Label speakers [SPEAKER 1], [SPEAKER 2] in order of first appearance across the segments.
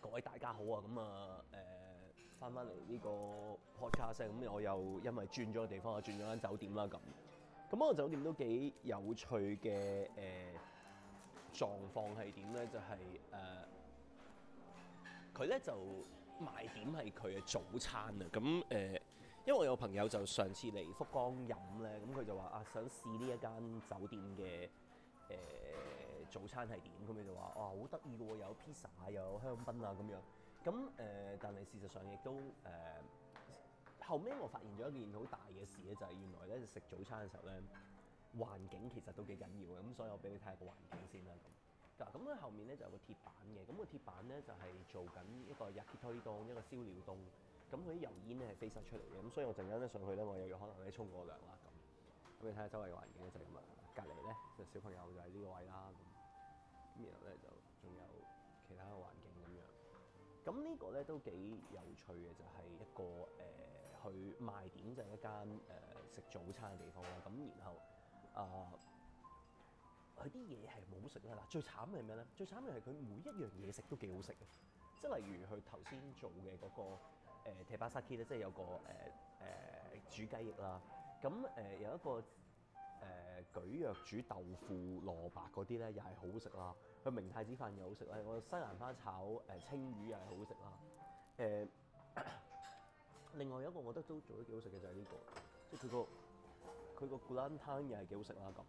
[SPEAKER 1] 各位大家好啊，咁、呃、啊誒，翻翻嚟呢個 podcast，咁我又因為轉咗個地方啊，轉咗間酒店啦咁。咁、啊、我間酒店都幾有趣嘅誒狀況係點咧？就係、是、誒，佢、啊、咧就賣點係佢嘅早餐啊。咁誒，因為我有朋友就上次嚟福岡飲咧，咁、啊、佢就話啊，想試呢一間酒店嘅誒。啊早餐係點咁？你就話哇，好得意㗎喎！有 pizza，又有香檳啊，咁樣咁誒、呃。但係事實上亦都誒、呃、後尾我發現咗一件好大嘅事咧，就係、是、原來咧食早餐嘅時候咧環境其實都幾緊要嘅。咁所以我俾你睇下個環境先啦。咁嗱，咁、啊、咧後面咧就有個鐵板嘅，咁、那個鐵板咧就係、是、做緊一個日鐵推檔一個燒料檔。咁佢啲油煙咧係飛晒出嚟嘅。咁所以我陣間咧上去咧，我又要可能要個你衝過涼啦。咁咁你睇下周圍環境咧就咁樣。隔離咧就小朋友就喺呢個位啦。然後咧就仲有其他嘅環境咁樣，咁、這個、呢個咧都幾有趣嘅，就係、是、一個誒、呃、去賣點就係、是、一間誒食早餐嘅地方啦。咁然後啊，佢啲嘢係冇食啦。嗱，最慘嘅係咩咧？最慘嘅係佢每一樣嘢食都幾好食嘅，即係例如佢頭先做嘅嗰、那個誒鐵板沙爹雞咧，即係有個誒誒煮雞翼啦。咁誒有一個。呃呃舉藥煮豆腐、蘿蔔嗰啲咧，又係好食啦。佢明太子飯又好食咧。個西蘭花炒誒、呃、青魚又係好食啦。誒、呃，另外有一個我覺得都做得幾好食嘅就係呢個，即係佢個佢個古蘭湯又係幾好食啦咁。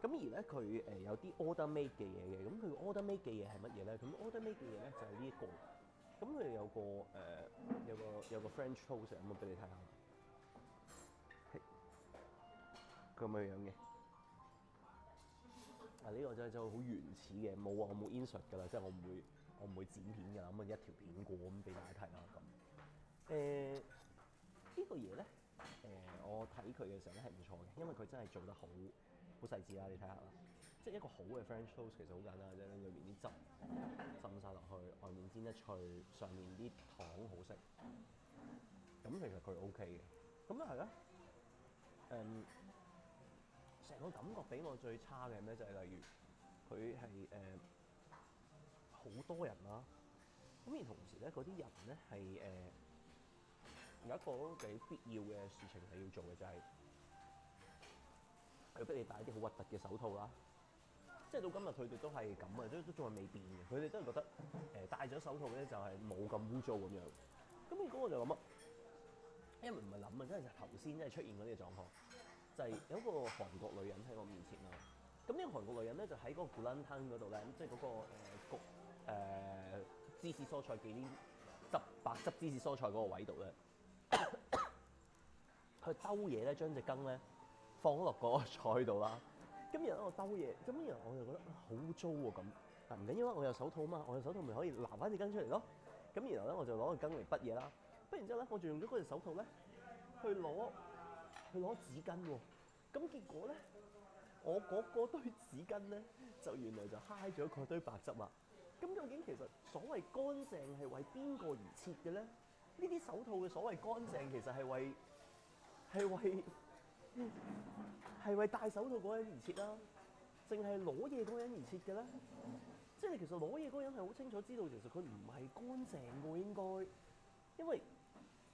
[SPEAKER 1] 咁而咧佢誒有啲 order made 嘅嘢嘅，咁佢 order made 嘅嘢係乜嘢咧？咁 order made 嘅嘢咧就係呢一個。咁佢哋有個誒、呃、有個有個有個 French toast，我俾你睇下，佢咁嘅樣嘅。啊！呢、這個真係就好原始嘅，冇啊，啊，這個，啊！我冇 insert 噶啦，即係我唔會我唔會剪片噶，咁啊一條片過咁俾大家睇啦咁。誒呢個嘢咧，誒我睇佢嘅時候咧係唔錯嘅，因為佢真係做得好好細緻啦、啊，你睇下啦。即係一個好嘅 French toast 其實好簡單，即係裏面啲汁浸晒落去，外面煎得脆，上面啲糖好食。咁其實佢 O K 嘅，咁咧係啦，誒、嗯。成個感覺俾我最差嘅係咩？就係、是、例如佢係誒好多人啦、啊，咁而同時咧，嗰啲人咧係誒有一個幾必要嘅事情係要做嘅，就係佢俾你戴啲好核突嘅手套啦。即係到今日佢哋都係咁啊，都都仲係未變嘅。佢哋都係覺得誒、呃、戴咗手套咧就係冇咁污糟咁樣。咁你該我就諗啊，因為唔係諗啊，真係頭先真係出現嗰啲狀況。就係有一個韓國女人喺我面前啊！咁呢個韓國女人咧，就喺嗰個古蘭湯嗰度咧，即係嗰個、呃、焗誒、呃、芝士蔬菜忌廉、汁白汁芝士蔬菜嗰個位度咧，佢兜嘢咧，將 隻 羹咧放落個菜度啦。咁然後我兜嘢，咁然後我就覺得好污糟喎咁。唔緊要啦，我有手套啊嘛，我有手套咪可以攬翻隻羹出嚟咯。咁然後咧我就攞個羹嚟筆嘢啦。筆完之後咧，我就我用咗嗰隻手套咧去攞。去攞紙巾喎、哦，咁結果咧，我嗰個堆紙巾咧，就原來就揩咗個堆白汁啦。咁究竟其實所謂乾淨係為邊個而設嘅咧？呢啲手套嘅所謂乾淨其實係為係為係為戴手套嗰個人而設啦，淨係攞嘢嗰個人而設嘅咧。即係其實攞嘢嗰個人係好清楚知道，其實佢唔係乾淨嘅應該，因為。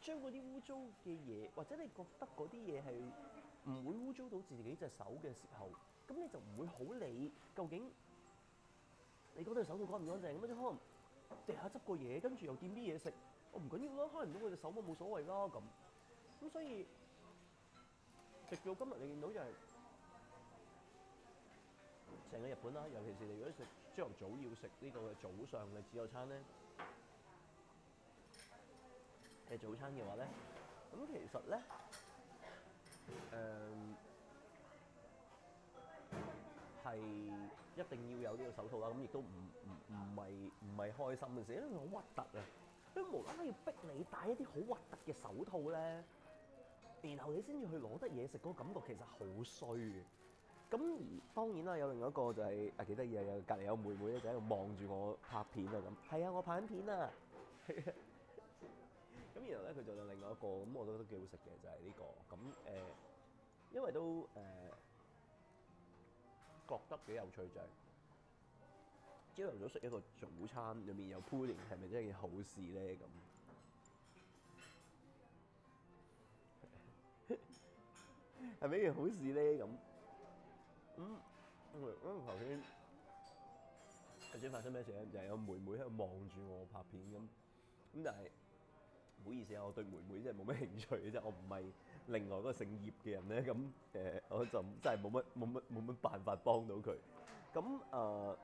[SPEAKER 1] 將嗰啲污糟嘅嘢，或者你覺得嗰啲嘢係唔會污糟到自己隻手嘅時候，咁你就唔會好理會究竟你嗰對手套乾唔乾淨咁啊！或者可能地下執過嘢，跟住又掂啲嘢食，我、哦、唔緊要啦，可能到我隻手都冇所謂啦咁。咁所以直到今日你見到就係成個日本啦、啊，尤其是你如果食朝頭早要食呢個嘅早上嘅自助餐咧。早餐嘅話咧，咁其實咧，誒、呃、係一定要有呢個手套啦。咁亦都唔唔唔係唔係開心嘅事，因為好核突啊！因為無啦啦要逼你戴一啲好核突嘅手套咧，然後你先至去攞得嘢食，嗰感覺其實好衰嘅。咁而當然啦，有另一個就係啊，幾得意啊，有隔離有妹妹咧，就喺度望住我拍片啊咁。係啊，我拍緊片啊。 咁然後咧，佢就到另外一個，咁我覺得都幾好食嘅就係呢個咁。誒，因為都誒覺得幾有趣，就朝頭早食一個早餐入面有 pudding 係咪真係件好事咧？咁係咪件好事咧？咁嗯，因為頭先頭先發生咩事咧？就有妹妹喺度望住我拍片咁咁，但係。唔好意思啊，我對妹妹真係冇乜興趣嘅啫，我唔係另外嗰個姓葉嘅人咧，咁誒、呃，我就真係冇乜冇乜冇乜辦法幫到佢。咁誒、呃，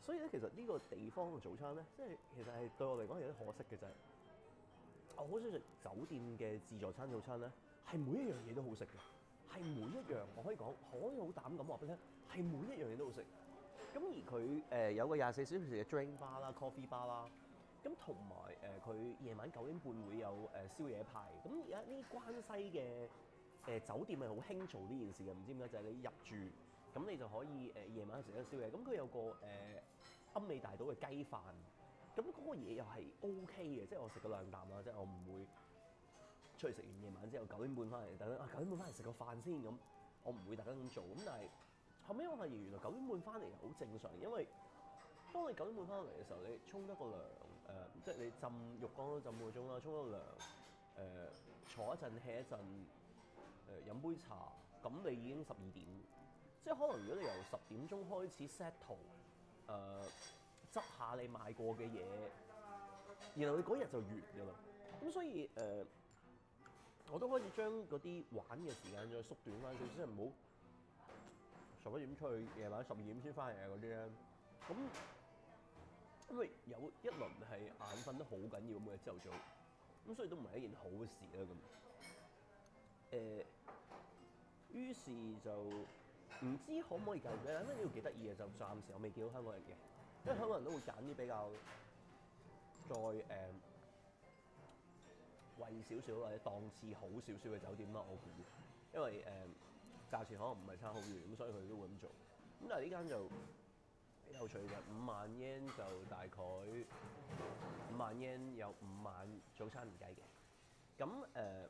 [SPEAKER 1] 所以咧，其實呢個地方嘅早餐咧，即係其實係對我嚟講有啲可惜嘅就啫、係。我好想食酒店嘅自助餐早餐咧，係每一樣嘢都好食嘅，係每一樣我可以講可以好膽噉話俾你聽，係每一樣嘢都好食。咁而佢誒、呃、有個廿四小時嘅 drink bar 啦、coffee bar 啦，咁同埋。誒佢夜晚九點半會有誒、呃、宵夜派，咁而家呢關西嘅誒酒店係好興做呢件事嘅，唔知點解就係、是、你入住，咁、嗯、你就可以誒夜、呃、晚食一宵夜。咁、嗯、佢有個誒奄美、呃、大島嘅雞飯，咁、嗯、嗰、那個嘢又係 O K 嘅，即係我食咗兩啖啦，即係我唔會出去食完夜晚之後九點半翻嚟等等，啊九點半翻嚟食個飯先咁、嗯，我唔會特登咁做。咁、嗯、但係後尾我發現原來九點半翻嚟好正常，因為。當你九點半翻嚟嘅時候，你沖一個涼，誒、呃，即係你浸浴缸都浸個鐘啦，沖咗涼，誒、呃，坐一陣歇一陣，誒、呃，飲杯茶，咁你已經十二點。即係可能如果你由十點鐘開始 set 圖，誒、呃，執下你買過嘅嘢，然後你嗰日就完噶啦。咁所以誒、呃，我都開始將嗰啲玩嘅時間再縮短翻少，即係唔好十一點出去，夜晚十二點先翻嚟嗰啲咧。咁。咁咪有一輪係眼瞓得好緊要咁嘅朝頭早。咁所以都唔係一件好嘅事啦，咁。誒、呃，於是就唔知可唔可以繼續咧？因為呢度幾得意嘅就暫時我未見到香港人嘅，因為香港人都會揀啲比較再誒、呃、貴少少或者檔次好少少嘅酒店啦，我估，因為誒價錢可能唔係差好遠，咁所以佢都會咁做。咁但係呢間就～有趣嘅五萬 yen 就大概五萬 yen 有五萬，早餐唔計嘅。咁誒，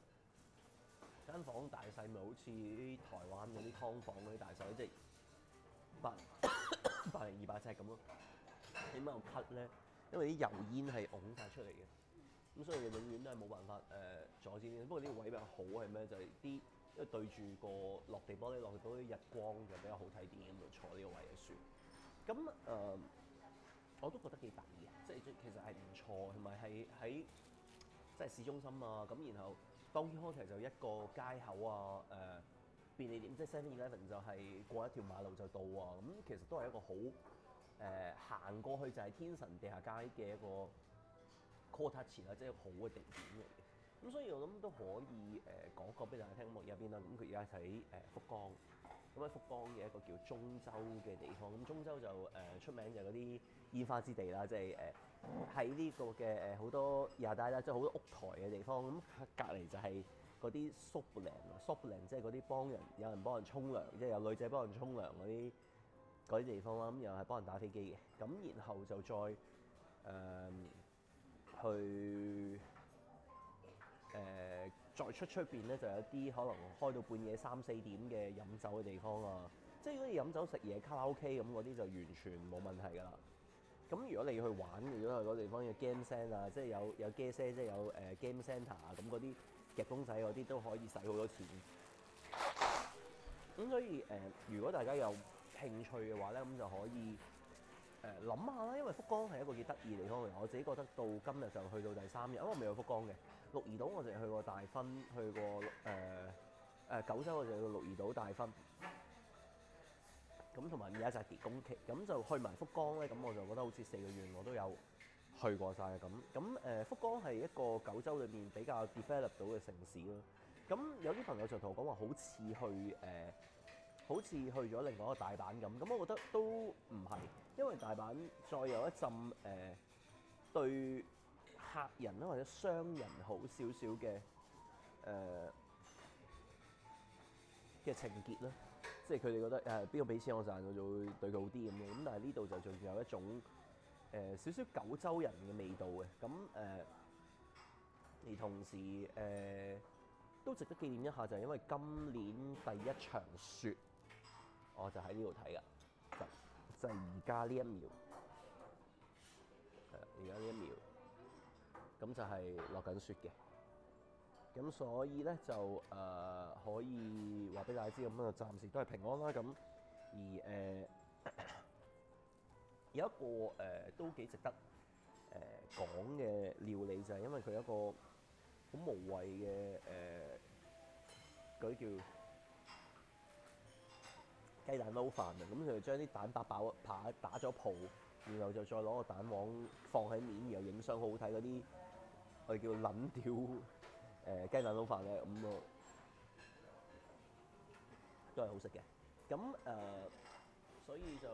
[SPEAKER 1] 間房大細咪好似台灣嗰啲劏房嗰啲大細，即係百八 零二百尺咁咯。起碼我咳咧，因為啲油煙係拱晒出嚟嘅，咁所以你永遠都係冇辦法誒、呃、阻止。不過呢個位比較好係咩？就係、是、啲因為對住個落地玻璃落到啲日光，就比較好睇電影度坐呢個位嘅舒。咁誒、嗯，我都覺得幾特別嘅，即係其實係唔錯，同埋係喺即係市中心啊。咁然後，當天 hotel 就一個街口啊，誒、呃、便利店，即係 Seven Eleven 就係、是就是、過一條馬路就到啊。咁、嗯、其實都係一個好誒行、呃、過去就係天神地下街嘅一個 court 前啊，即係好嘅地點嚟嘅。咁所以我諗都可以誒講個俾大家聽，我入家邊咁佢而家喺誒福岡。咁喺、嗯、福岡嘅一個叫中洲嘅地方，咁中洲就誒、呃、出名就嗰啲煙花之地啦，即係誒喺呢個嘅誒好多廿大啦，即係好多屋台嘅地方，咁、嗯、隔隔離就係嗰啲 soapland，soapland 即係嗰啲幫人有人幫人沖涼，即、就、係、是、有女仔幫人沖涼嗰啲啲地方啦，咁又係幫人打飛機嘅，咁然後就再誒、呃、去誒。呃再出出面咧，就有啲可能開到半夜三四點嘅飲酒嘅地方啊，即係如果你飲酒食嘢卡拉 OK 咁嗰啲就完全冇問題㗎啦。咁如果你要去玩，如果係嗰地方有 game centre 啊，aze，即係有有、uh，game centre 即係有誒 game centre 啊，咁嗰啲夾公仔嗰啲都可以使好多錢。咁所以誒，uh，如果大家有興趣嘅話咧，咁就可以。誒諗下啦，因為福岡係一個幾得意地方嚟，我自己覺得到今日就去到第三日，因為我未有福岡嘅鹿兒島，我淨係去過大分，去過誒誒、呃呃、九州，我就去過鹿兒島、大分。咁。同埋而家就結宮崎。咁就去埋福岡咧。咁我就覺得好似四個縣我都有去過晒。咁。咁誒福岡係一個九州裏邊比較 develop 到嘅城市咯。咁有啲朋友就同我講話、呃，好似去誒好似去咗另外一個大阪咁。咁我覺得都唔係。因為大阪再有一陣誒、呃、對客人啦或者商人好少少嘅誒嘅情結啦，即係佢哋覺得誒邊、呃、個俾錢我賺，我就會對佢好啲咁樣。咁但係呢度就仲有一種誒、呃、少少九州人嘅味道嘅。咁、嗯、誒、呃、而同時誒、呃、都值得紀念一下，就係因為今年第一場雪，我就喺呢度睇噶。就係而家呢一秒，而家呢一秒，咁就係落緊雪嘅，咁所以咧就誒、呃、可以話俾大家知，咁就暫時都係平安啦。咁而誒、呃、 有一個誒、呃、都幾值得誒、呃、講嘅料理就係、是、因為佢有一個好無謂嘅誒佢叫，呃雞蛋撈飯啊！咁佢就將啲蛋白爆打打咗泡，然後就再攞個蛋黃放喺面，然後影相好好睇嗰啲，我哋叫撚吊誒雞蛋撈飯咧，咁咯都係好食嘅。咁誒、呃，所以就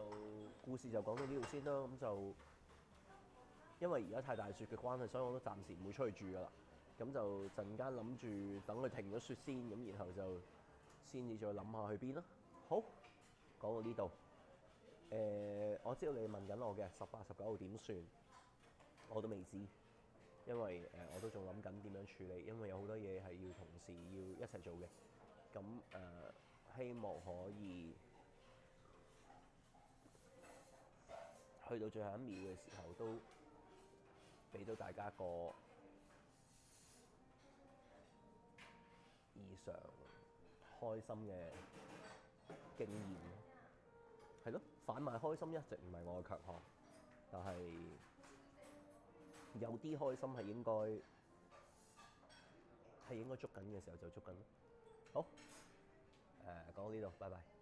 [SPEAKER 1] 故事就講到呢度先啦。咁就因為而家太大雪嘅關係，所以我都暫時唔會出去住噶啦。咁就陣間諗住等佢停咗雪先，咁然後就先至再諗下去邊啦。好。講到呢度，誒、呃、我知道你問緊我嘅十八十九號點算，我都未知，因為誒、呃、我都仲諗緊點樣處理，因為有好多嘢係要同時要一齊做嘅。咁誒、呃，希望可以去到最後一秒嘅時候，都俾到大家個異常開心嘅經驗。係咯，販賣開心一直唔係我嘅強項，但係有啲開心係應該係應該捉緊嘅時候就捉緊咯。好，誒、呃、講到呢度，拜拜。